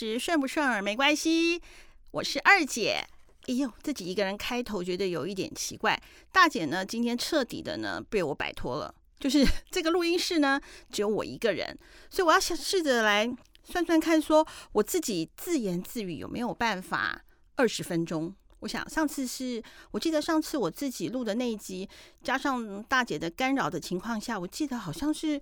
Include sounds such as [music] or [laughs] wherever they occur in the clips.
時順不順耳沒關係，我是二姐。哎呦，自己一個人開頭覺得有一點奇怪。大姐呢，今天徹底的呢被我擺脫了，就是這個錄音室呢只有我一個人，所以我要想試着來算算看，說我自己自言自語有沒有辦法二十分鐘。我想上次是我記得上次我自己錄的那一集，加上大姐的干擾的情況下，我記得好像是。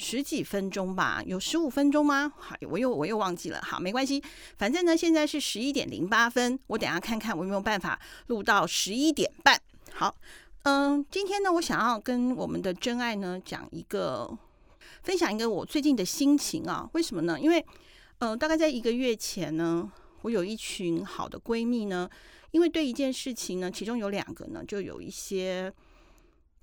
十幾分鐘吧，有十五分鐘嗎？好，我又我又忘記了。好，沒關係，反正呢，現在是十一點零八分，我等一下看看我有沒有辦法錄到十一點半。好，嗯，今天呢，我想要跟我們的真愛呢講一個，分享一個我最近的心情啊。為什麼呢？因為，嗯、呃，大概在一個月前呢，我有一群好的閨蜜呢，因為對一件事情呢，其中有兩個呢，就有一些。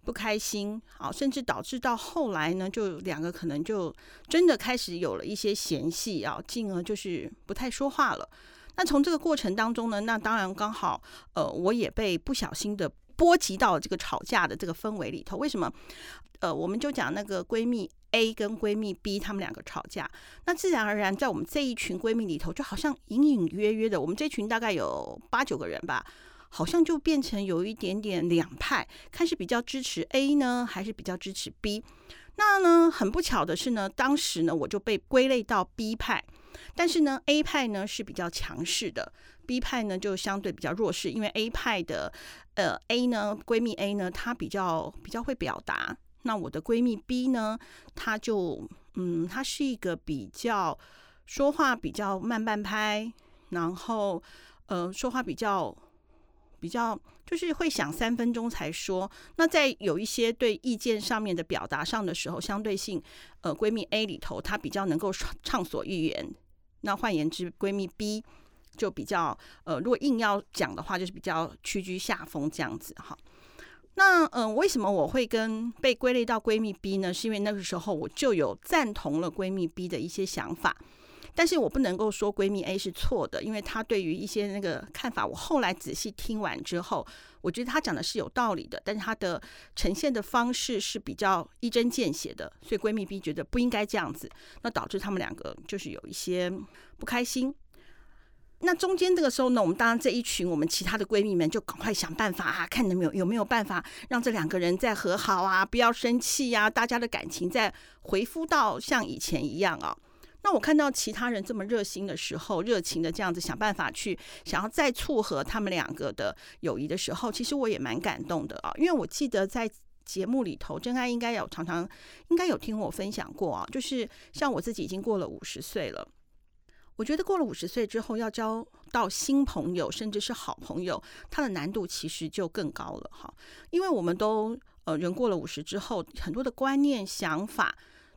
不開心，好、啊，甚至導致到後來呢，就兩個可能就真的開始有了一些嫌隙啊，進而就是不太說話了。那從這個過程當中呢，那當然剛好，呃，我也被不小心的波及到這個吵架的這個氛圍裡頭。為什麼？呃，我們就講那個閨蜜 A 跟閨蜜 B，她們兩個吵架，那自然而然在我們這一群閨蜜裡頭，就好像隱隱約約的，我們這群大概有八九個人吧。好像就變成有一點點兩派，看是比較支持 A 呢，還是比較支持 B？那呢，很不巧的是呢，當時呢我就被歸類到 B 派，但是呢 A 派呢是比較強勢的，B 派呢就相對比較弱勢，因為 A 派的呃 A 呢閨蜜 A 呢她比較比較會表達，那我的閨蜜 B 呢，她就嗯她是一個比較說話比較慢半拍，然後呃說話比較。比較就是會想三分鐘才說。那在有一些對意見上面的表達上的時候，相對性，呃，閨蜜 A 裡頭她比較能夠暢所欲言。那換言之，閨蜜 B 就比較呃，如果硬要講的話，就是比較屈居下風這樣子哈。那嗯、呃，為什麼我會跟被歸類到閨蜜 B 呢？是因為那個時候我就有贊同了閨蜜 B 的一些想法。但是我不能夠說閨蜜 A 是錯的，因為她對於一些那個看法，我後來仔細聽完之後，我覺得她講的是有道理的，但是她的呈現的方式是比較一針見血的，所以閨蜜 B 覺得不應該這樣子，那導致她們兩個就是有一些不開心。那中間這個時候呢，我們當然這一群我們其他的閨蜜們就趕快想辦法啊，看有沒有有沒有辦法讓這兩個人再和好啊，不要生氣呀、啊，大家的感情再恢復到像以前一樣啊。那我看到其他人這麼熱心的時候，熱情的這樣子想辦法去想要再撮合他們兩個的友誼的時候，其實我也蠻感動的啊。因為我記得在節目裡頭，真愛應該有常常應該有聽我分享過啊。就是像我自己已經過了五十歲了，我覺得過了五十歲之後，要交到新朋友甚至是好朋友，它的難度其實就更高了哈。因為我們都呃人過了五十之後，很多的觀念想法。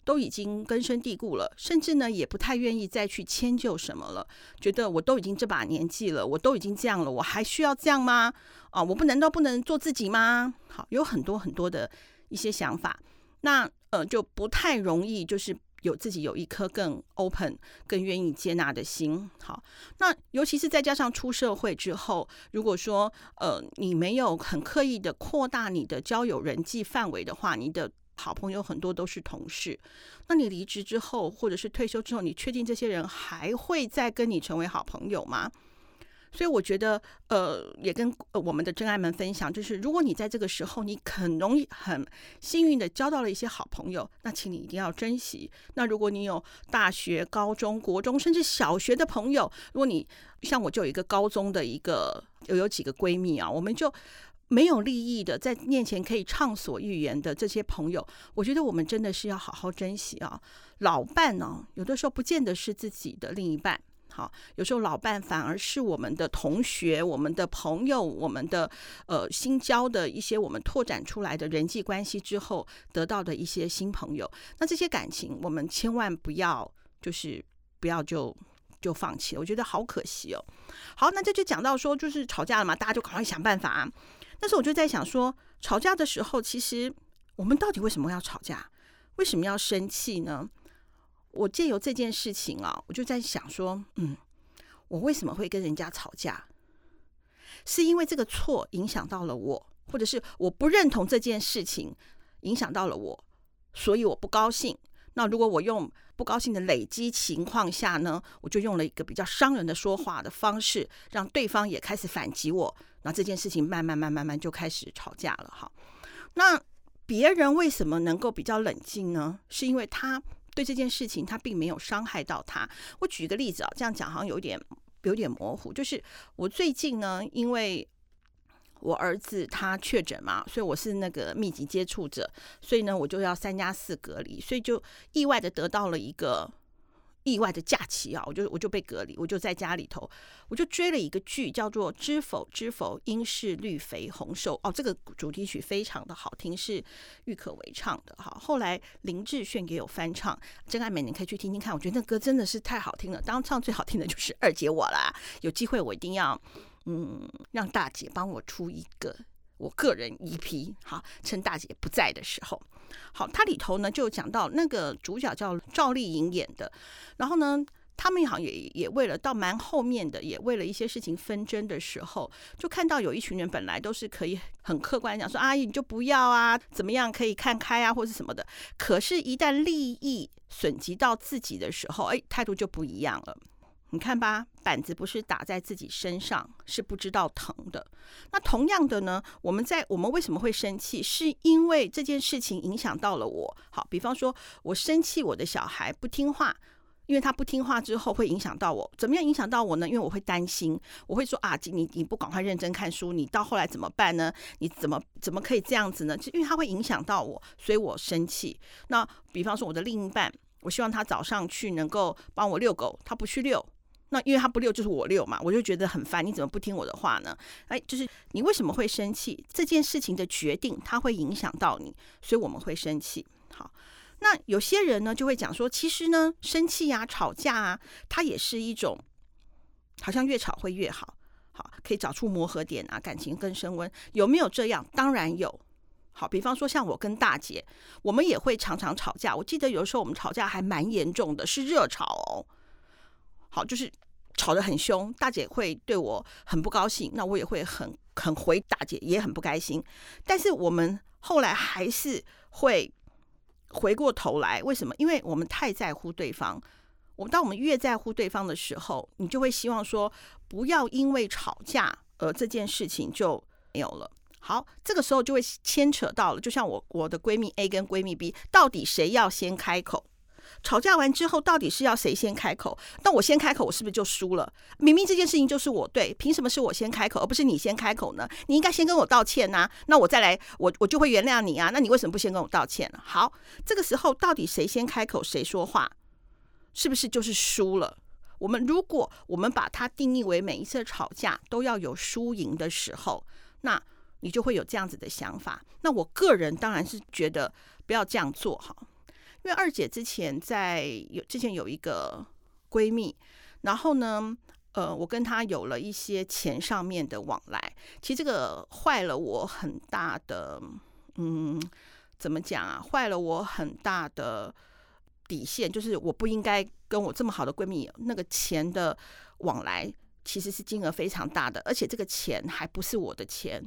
都已經根深蒂固了，甚至呢也不太願意再去遷就什麼了。覺得我都已經這把年紀了，我都已經這樣了，我還需要這樣嗎？啊，我不難道不能做自己嗎？好，有很多很多的一些想法，那呃就不太容易，就是有自己有一顆更 open、更願意接納的心。好，那尤其是再加上出社會之後，如果說呃你沒有很刻意的擴大你的交友人際範圍的話，你的。好朋友很多都是同事，那你離職之後，或者是退休之後，你確定這些人還會再跟你成為好朋友嗎？所以我覺得，呃，也跟、呃、我們的真愛們分享，就是如果你在這個時候，你很容易、很幸運的交到了一些好朋友，那請你一定要珍惜。那如果你有大學、高中、國中，甚至小學的朋友，如果你像我就有一個高中的一個有有幾個閨蜜啊，我們就。沒有利益的，在面前可以暢所欲言的這些朋友，我覺得我們真的是要好好珍惜啊、哦。老伴呢、哦，有的時候不見得是自己的另一半，好，有時候老伴反而是我們的同學、我們的朋友、我們的呃新交的一些我們拓展出來的人際關係之後得到的一些新朋友。那這些感情，我們千萬不要就是不要就就放棄，我覺得好可惜哦。好，那這就講到說就是吵架了嘛，大家就趕快想辦法、啊。但是我就在想說，吵架的時候，其實我們到底為什麼要吵架？為什麼要生氣呢？我借由這件事情啊，我就在想說，嗯，我為什麼會跟人家吵架？是因為這個錯影響到了我，或者是我不認同這件事情影響到了我，所以我不高興。那如果我用不高興的累積情況下呢，我就用了一個比較傷人的說話的方式，讓對方也開始反擊我，那這件事情慢慢慢慢慢就開始吵架了哈。那別人為什麼能夠比較冷靜呢？是因為他對這件事情他並沒有傷害到他。我舉個例子啊，哦，這樣講好像有點有點模糊，就是我最近呢，因為。我兒子他確診嘛，所以我是那個密集接觸者，所以呢我就要三加四隔離，所以就意外的得到了一個意外的假期啊！我就我就被隔離，我就在家裡頭，我就追了一個劇，叫做《知否知否應是綠肥紅瘦》哦，這個主題曲非常的好聽，是郁可唯唱的哈。後來林志炫也有翻唱，真愛美，你可以去聽聽看，我覺得那歌真的是太好聽了。當唱最好聽的就是二姐我啦，有機會我一定要。嗯，讓大姐幫我出一個，我個人 EP。好，趁大姐不在的時候，好，它裡頭呢就講到那個主角叫趙麗穎演的，然後呢，他們好像也也為了到蠻後面的，也為了一些事情紛爭的時候，就看到有一群人本來都是可以很客觀地講說，阿姨你就不要啊，怎麼樣可以看開啊，或是什麼的，可是，一旦利益損及到自己的時候，哎，態度就不一樣了。你看吧，板子不是打在自己身上，是不知道疼的。那同樣的呢，我們在我們為什麼會生氣？是因為這件事情影響到了我。好，比方說，我生氣我的小孩不聽話，因為他不聽話之後會影響到我。怎麼樣影響到我呢？因為我會擔心，我會說啊，你你不趕快認真看書，你到後來怎麼辦呢？你怎麼怎麼可以這樣子呢？就因為他會影響到我，所以我生氣。那比方說我的另一半，我希望他早上去能夠幫我遛狗，他不去遛。那因為他不六就是我六嘛，我就覺得很煩，你怎麼不聽我的話呢？哎，就是你為什麼會生氣？這件事情的決定它會影響到你，所以我們會生氣。好，那有些人呢就會講說，其實呢生氣啊、吵架啊，它也是一種，好像越吵會越好，好，可以找出磨合點啊，感情更升溫。有沒有這樣？當然有。好，比方說像我跟大姐，我們也會常常吵架。我記得有時候我們吵架還蠻嚴重的，是熱吵哦。好，就是吵得很兇，大姐會對我很不高興，那我也會很很回大姐，也很不開心。但是我們後來還是會回過頭來，為什麼？因為我們太在乎對方。我們當我們越在乎對方的時候，你就會希望說，不要因為吵架而這件事情就沒有了。好，這個時候就會牽扯到了，就像我我的閨蜜 A 跟閨蜜 B，到底誰要先開口？吵架完之後，到底是要誰先開口？那我先開口，我是不是就輸了？明明這件事情就是我對，憑什麼是我先開口，而不是你先開口呢？你應該先跟我道歉吶啊，那我再來，我我就會原諒你啊。那你為什麼不先跟我道歉呢？好，這個時候到底誰先開口誰說話，是不是就是輸了？我們如果我們把它定義為每一次吵架都要有輸贏的時候，那你就會有這樣子的想法。那我個人當然是覺得不要這樣做哈。因為二姐之前在有之前有一個閨蜜，然後呢，呃，我跟她有了一些錢上面的往來。其實這個壞了我很大的，嗯，怎麼講啊？壞了我很大的底線，就是我不應該跟我這麼好的閨蜜有那個錢的往來，其實是金額非常大的，而且這個錢還不是我的錢。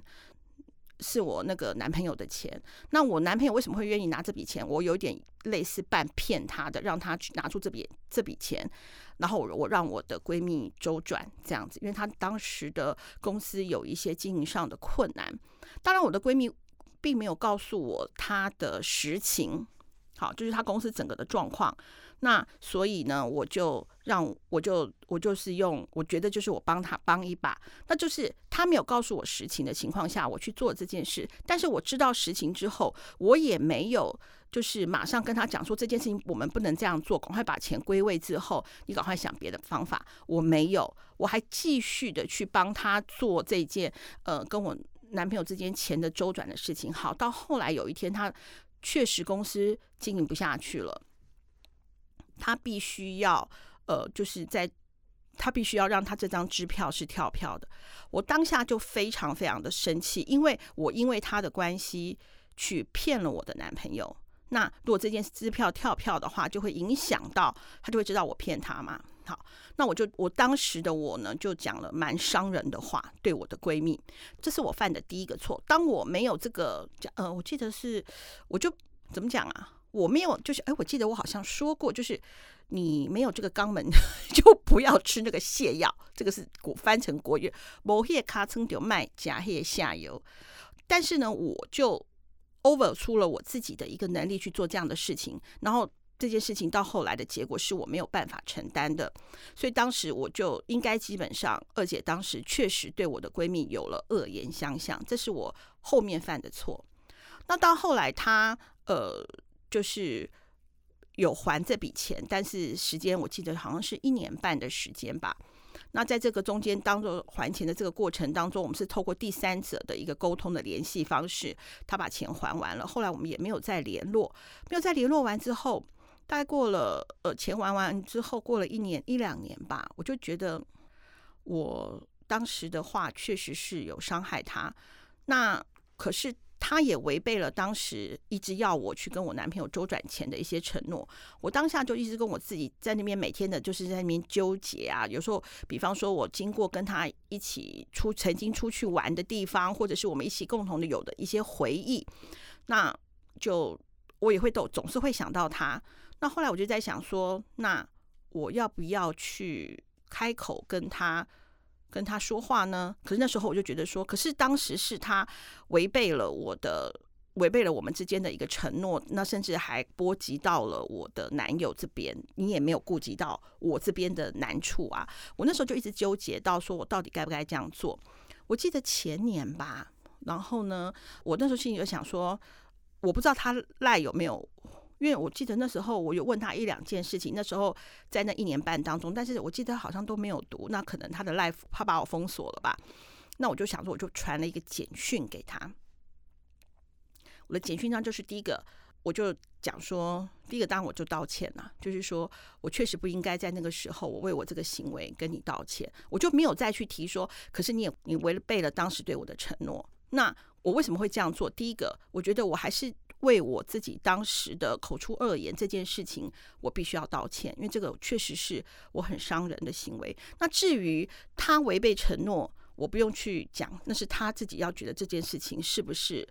是我那個男朋友的錢，那我男朋友為什麼會願意拿這筆錢？我有點類似半騙他的，讓他去拿出這筆這筆錢，然後我讓我的閨蜜周轉這樣子，因為他當時的公司有一些經營上的困難。當然，我的閨蜜並沒有告訴我他的實情，好，就是他公司整個的狀況。那所以呢，我就讓，我就我就是用，我覺得就是我幫他幫一把，那就是他沒有告訴我實情的情況下，我去做這件事。但是我知道實情之後，我也沒有就是馬上跟他講說，這件事情我們不能這樣做，趕快把錢歸位之後，你趕快想別的方法。我沒有，我還繼續的去幫他做這件呃跟我男朋友之間錢的周轉的事情。好，到後來有一天，他確實公司經營不下去了。他必須要，呃，就是在他必須要讓他這張支票是跳票的。我當下就非常非常的生氣，因為我因為他的關係去騙了我的男朋友。那如果這件支票跳票的話，就會影響到他，就會知道我騙他嘛。好，那我就我當時的我呢，就講了蠻傷人的話，對我的閨蜜，這是我犯的第一個錯。當我沒有這個講，呃，我記得是我就怎麼講啊？我沒有，就是，哎、欸，我記得我好像說過，就是你沒有這個肛門， [laughs] 就不要吃那個瀉藥。這個是古翻成國語，某些卡村就賣加些下游。但是呢，我就 over 出了我自己的一個能力去做這樣的事情，然後這件事情到後來的結果是我沒有辦法承擔的，所以當時我就應該基本上，二姐當時確實對我的閨蜜有了惡言相向，這是我後面犯的錯。那到後來她，她呃。就是有還這筆錢，但是時間我記得好像是一年半的時間吧。那在這個中間，當做還錢的這個過程當中，我們是透過第三者的一個溝通的聯繫方式，他把錢還完了。後來我們也沒有再聯絡，沒有再聯絡完之後，大概過了呃錢還完完之後，過了一年一兩年吧，我就覺得我當時的話確實是有傷害他。那可是。他也違背了當時一直要我去跟我男朋友周轉錢的一些承諾，我當下就一直跟我自己在那邊每天的，就是在那邊糾結啊。有時候，比方說我經過跟他一起出曾經出去玩的地方，或者是我們一起共同的有的一些回憶，那就我也會都總是會想到他。那後來我就在想說，那我要不要去開口跟他？跟他說話呢，可是那時候我就覺得說，可是當時是他違背了我的，違背了我們之間的一個承諾，那甚至還波及到了我的男友這邊，你也沒有顧及到我這邊的難處啊。我那時候就一直糾結到說我到底該不該這樣做。我記得前年吧，然後呢，我那時候心裡就想說，我不知道他賴有沒有。因為我記得那時候，我有問他一兩件事情，那時候在那一年半當中，但是我記得好像都沒有讀。那可能他的 LINE 怕把我封鎖了吧？那我就想說，我就傳了一個簡訊給他。我的簡訊上就是第一個，我就講說，第一個當然我就道歉了，就是說我確實不應該在那個時候，我為我這個行為跟你道歉。我就沒有再去提說，可是你也你違背了當時對我的承諾。那我為什麼會這樣做？第一個，我覺得我還是。為我自己當時的口出惡言這件事情，我必須要道歉，因為這個確實是我很傷人的行為。那至於他違背承諾，我不用去講，那是他自己要覺得這件事情是不是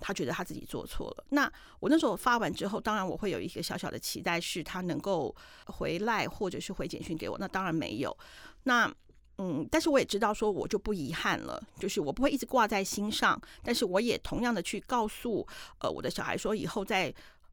他覺得他自己做錯了。那我那時候發完之後，當然我會有一個小小的期待，是他能夠回來或者是回簡訊給我。那當然沒有。那嗯，但是我也知道說我就不遺憾了，就是我不會一直掛在心上。但是我也同樣的去告訴，呃，我的小孩說，以後在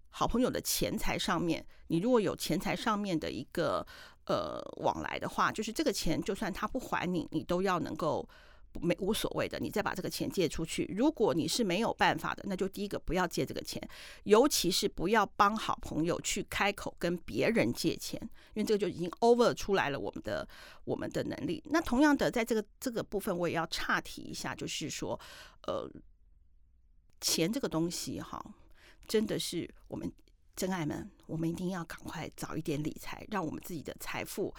好朋友的錢財上面，你如果有錢財上面的一個呃往來的話，就是這個錢，就算他不還你，你都要能夠。沒無所謂的，你再把這個錢借出去。如果你是沒有辦法的，那就第一個不要借這個錢，尤其是不要幫好朋友去開口跟別人借錢，因為這個就已經 over 出來了我們的我們的能力。那同樣的，在這個這個部分，我也要岔題一下，就是說，呃，錢這個東西哈，真的是我們真愛們，我們一定要趕快早一點理財，讓我們自己的財富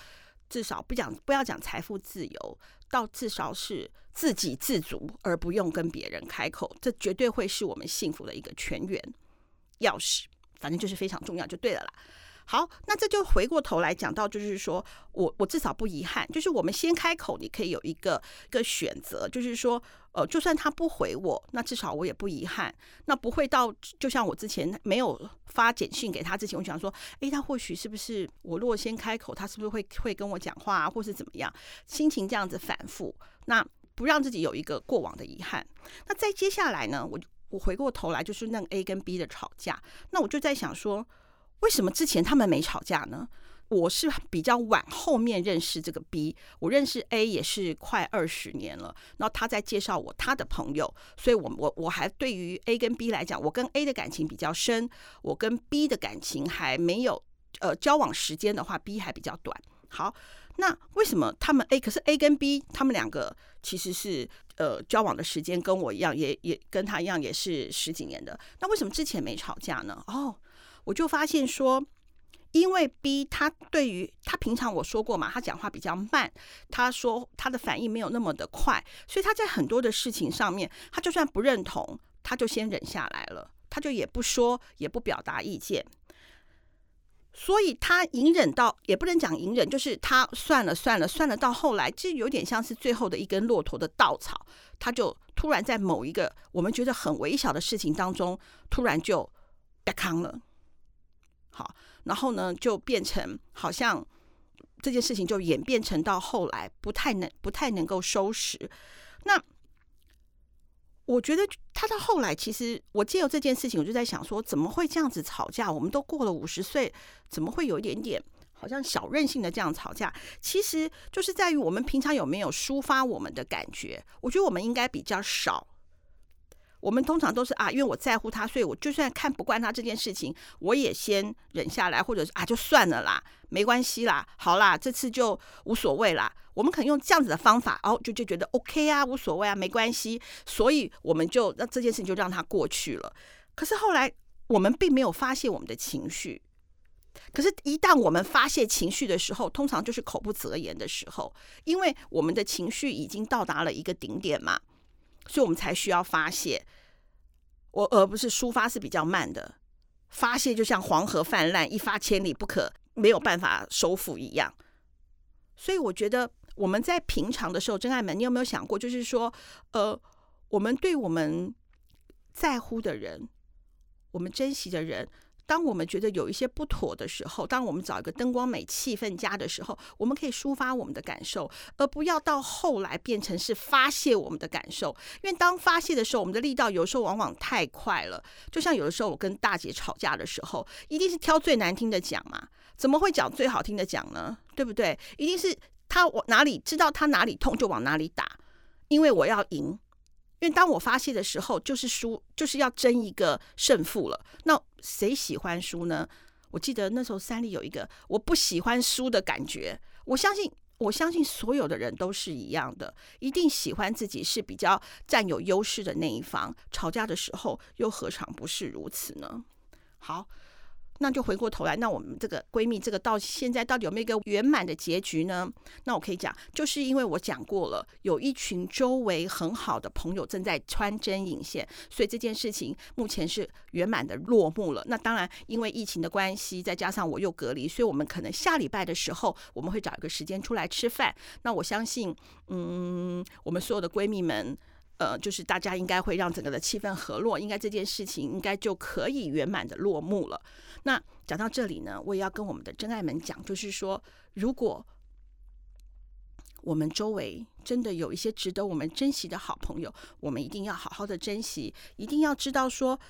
至少不講不要講財富自由。到至少是自給自足，而不用跟別人開口，這絕對會是我們幸福的一個泉源鑰匙。反正，就是非常重要，就對了啦。好，那這就回過頭來講到，就是說我我至少不遺憾，就是我們先開口，你可以有一個一個選擇，就是說，呃，就算他不回我，那至少我也不遺憾，那不會到就像我之前沒有發簡訊給他之前，我想說，哎、欸，他或許是不是，我若先開口，他是不是會會跟我講話啊，或是怎麼樣？心情這樣子反覆，那不讓自己有一個過往的遺憾。那再接下來呢，我我回過頭來就是那個 A 跟 B 的吵架，那我就在想說。為什麼之前他們沒吵架呢？我是比較晚後面認識這個 B，我認識 A 也是快二十年了。那他在介紹我他的朋友，所以我我我還對於 A 跟 B 來講，我跟 A 的感情比較深，我跟 B 的感情還沒有。呃，交往時間的話，B 還比較短。好，那為什麼他們 A 可是 A 跟 B 他們兩個其實是呃交往的時間跟我一樣，也也跟他一樣也是十幾年的。那為什麼之前沒吵架呢？哦。我就發現說，因為 B 他對於，他平常我說過嘛，他講話比較慢，他說他的反應沒有那麼的快，所以他在很多的事情上面，他就算不認同，他就先忍下來了，他就也不說，也不表達意見，所以他隱忍到也不能講隱忍，就是他算了算了算了，到後來這有點像是最後的一根駱駝的稻草，他就突然在某一個我們覺得很微小的事情當中，突然就別抗了。好，然後呢，就變成好像這件事情就演變成到後來不太能、不太能夠收拾。那我覺得他到後來，其實我借由這件事情，我就在想說，怎麼會這樣子吵架？我們都過了五十歲，怎麼會有一點點好像小任性的這樣吵架？其實就是在於我們平常有沒有抒發我們的感覺。我覺得我們應該比較少。我們通常都是啊，因為我在乎他，所以我就算看不慣他這件事情，我也先忍下來，或者是啊，就算了啦，沒關係啦，好啦，這次就無所謂啦。我們可能用這樣子的方法，哦，就就覺得 OK 啊，無所謂啊，沒關係。所以我們就那這件事情就讓它過去了。可是後來我們並沒有發泄我們的情緒，可是，一旦我們發泄情緒的時候，通常就是口不擇言的時候，因為我們的情緒已經到達了一個頂點嘛。所以我們才需要發洩，我而不是抒發是比較慢的。發洩就像黃河氾濫，一發千里不可，沒有辦法收復一樣。所以我覺得我們在平常的時候，真愛們，你有沒有想過，就是說，呃，我們對我們在乎的人，我們珍惜的人，當我們覺得有一些不妥的時候，當我們找一個燈光美、氣氛佳的時候，我們可以抒發我們的感受，而不要到後來變成是發洩我們的感受。因為當發洩的時候，我們的力道有時候往往太快了。就像有的時候我跟大姐吵架的時候，一定是挑最難聽的講嘛，怎麼會講最好聽的講呢？對不對？一定是他往哪裡知道他哪裡痛就往哪裡打，因為我要贏。因為當我發洩的時候，就是輸，就是要爭一個勝負了。那誰喜歡輸呢？我記得那時候三裡有一個我不喜歡輸的感覺。我相信，我相信所有的人都是一樣的，一定喜歡自己是比較佔有優勢的那一方。吵架的時候，又何嘗不是如此呢？好。那就回過頭來，那我們這個閨蜜這個到現在到底有沒有一個圓滿的結局呢？那我可以講，就是因為我講過了，有一群周圍很好的朋友正在穿針引線，所以這件事情目前是圓滿的落幕了。那當然，因為疫情的關係，再加上我又隔離，所以我們可能下禮拜的時候我們會找一個時間出來吃飯。那我相信，嗯，我們所有的閨蜜們。呃，就是大家應該會讓整個的氣氛和落，應該這件事情應該就可以圓滿的落幕了。那講到這裡呢，我也要跟我們的真愛們講，就是說，如果我們周圍真的有一些值得我們珍惜的好朋友，我們一定要好好的珍惜，一定要知道說，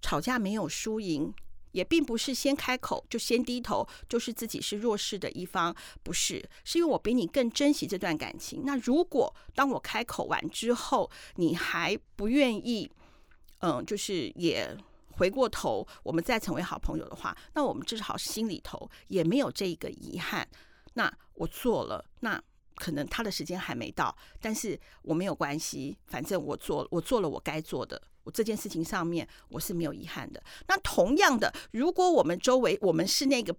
吵架沒有輸贏。也並不是先開口就先低頭，就是自己是弱勢的一方，不是，是因為我比你更珍惜這段感情。那如果當我開口完之後，你還不願意，嗯，就是也回過頭，我們再成為好朋友的話，那我們至少心裡頭也沒有這個遺憾。那我做了，那可能他的時間還沒到，但是我沒有關係，反正我做，我做了我該做的。我這件事情上面我是沒有遺憾的。那同樣的，如果我們周圍我們是那個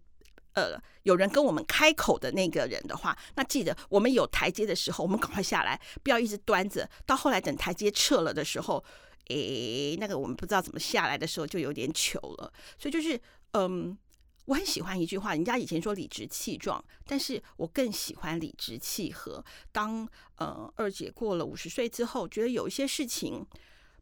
呃有人跟我們開口的那個人的話，那記得我們有台階的時候，我們趕快下來，不要一直端着。到後來等台階撤了的時候，誒，那個我們不知道怎麼下來的時候，就有點糗了。所以就是，嗯，我很喜歡一句話，人家以前說理直氣壯，但是我更喜歡理直氣和。當呃二姐過了五十歲之後，覺得有一些事情，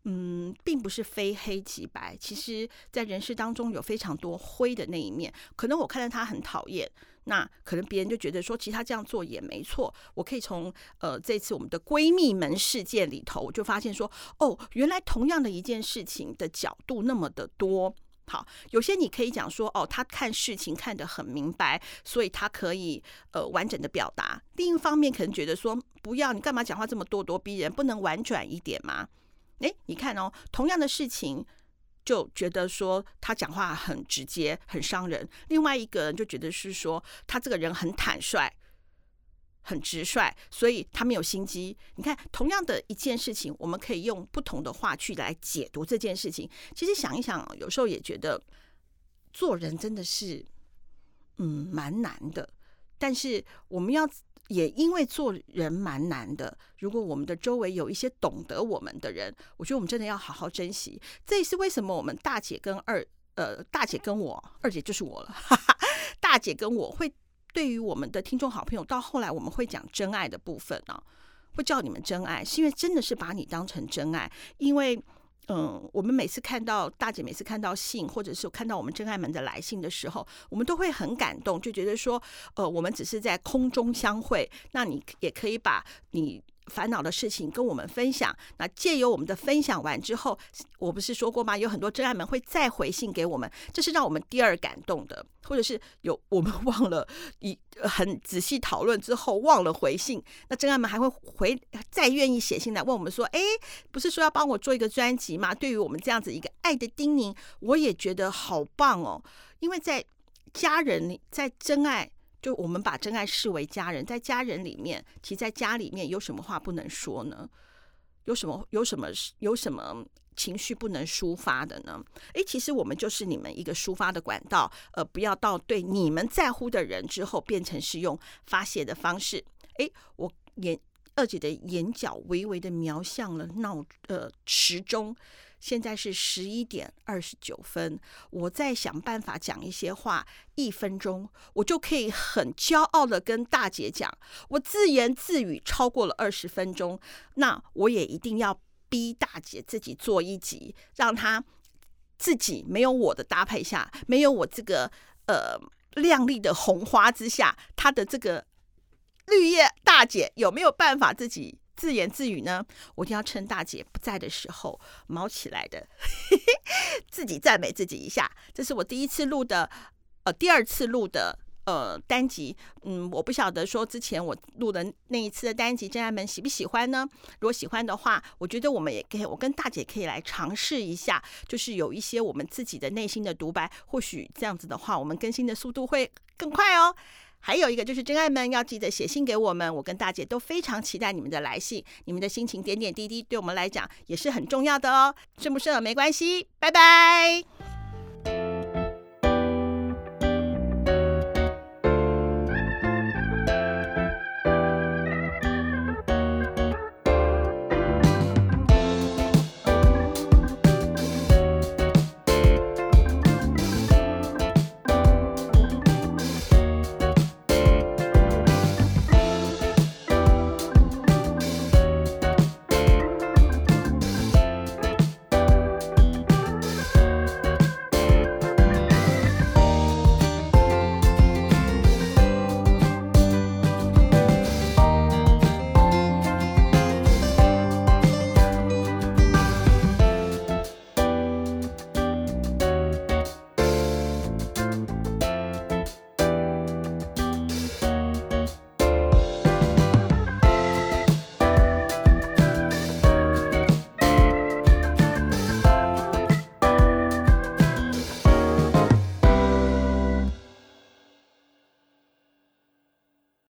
嗯，並不是非黑即白。其實，在人世當中有非常多灰的那一面。可能我看到他很討厭，那可能別人就覺得說，其實他這樣做也沒錯。我可以從呃這次我們的閨蜜門事件裡頭，我就發現說，哦，原來同樣的一件事情的角度那麼的多。好，有些你可以講說，哦，他看事情看得很明白，所以他可以呃完整的表達。另一方面，可能覺得說，不要你幹嘛講話這麼咄咄逼人，不能婉轉一點嗎？哎、欸，你看哦，同樣的事情，就覺得說他講話很直接，很傷人；另外一個人就覺得是說他這個人很坦率，很直率，所以他沒有心機。你看，同樣的一件事情，我們可以用不同的話去來解讀這件事情。其實想一想，有時候也覺得做人真的是，嗯，蠻難的。但是我們要。也因為做人蠻難的，如果我們的周圍有一些懂得我們的人，我覺得我們真的要好好珍惜。這也是為什麼我們大姐跟二呃大姐跟我二姐就是我了，哈哈，大姐跟我會對於我們的聽眾好朋友，到後來我們會講真愛的部分呢、啊，會叫你們真愛，是因為真的是把你當成真愛，因為。嗯，我們每次看到大姐，每次看到信，或者是看到我們真愛們的來信的時候，我們都會很感動，就覺得說，呃，我們只是在空中相會，那你也可以把你。煩惱的事情跟我們分享，那借由我們的分享完之後，我不是說過嗎？有很多真愛們會再回信給我們，這是讓我們第二感動的或者是有我們忘了一很仔細討論之後忘了回信，那真愛們還會回再願意寫信來問我們說，哎，不是說要幫我做一個專輯嗎？對於我們這樣子一個愛的叮嚀我也覺得好棒哦，因為在家人在真愛。就我們把真愛視為家人，在家人裡面，其實在家裡面有什麼話不能說呢？有什麼有什麼有什麼情緒不能抒發的呢？誒，其實我們就是你們一個抒發的管道，呃，不要到對你們在乎的人之後變成是用發洩的方式。誒，我也。二姐的眼角微微的瞄向了鬧呃時鐘，現在是十一點二十九分。我在想辦法講一些話，一分鐘我就可以很驕傲的跟大姐講，我自言自語超過了二十分鐘。那我也一定要逼大姐自己做一集，讓她自己沒有我的搭配下，沒有我這個呃亮麗的紅花之下，她的這個。綠葉大姐有沒有辦法自己自言自語呢？我一定要趁大姐不在的時候，毛起來的， [laughs] 自己讚美自己一下。這是我第一次錄的，呃，第二次錄的，呃，單集。嗯，我不曉得說之前我錄的那一次的單集，家人們喜不喜歡呢？如果喜歡的話，我覺得我們也可以，我跟大姐可以來嘗試一下，就是有一些我們自己的內心的獨白，或許這樣子的話，我們更新的速度會更快哦。還有一個就是真愛們要記得寫信給我們，我跟大姐都非常期待你們的來信，你們的心情點點滴滴對我們來講也是很重要的哦，順不順沒關係，拜拜。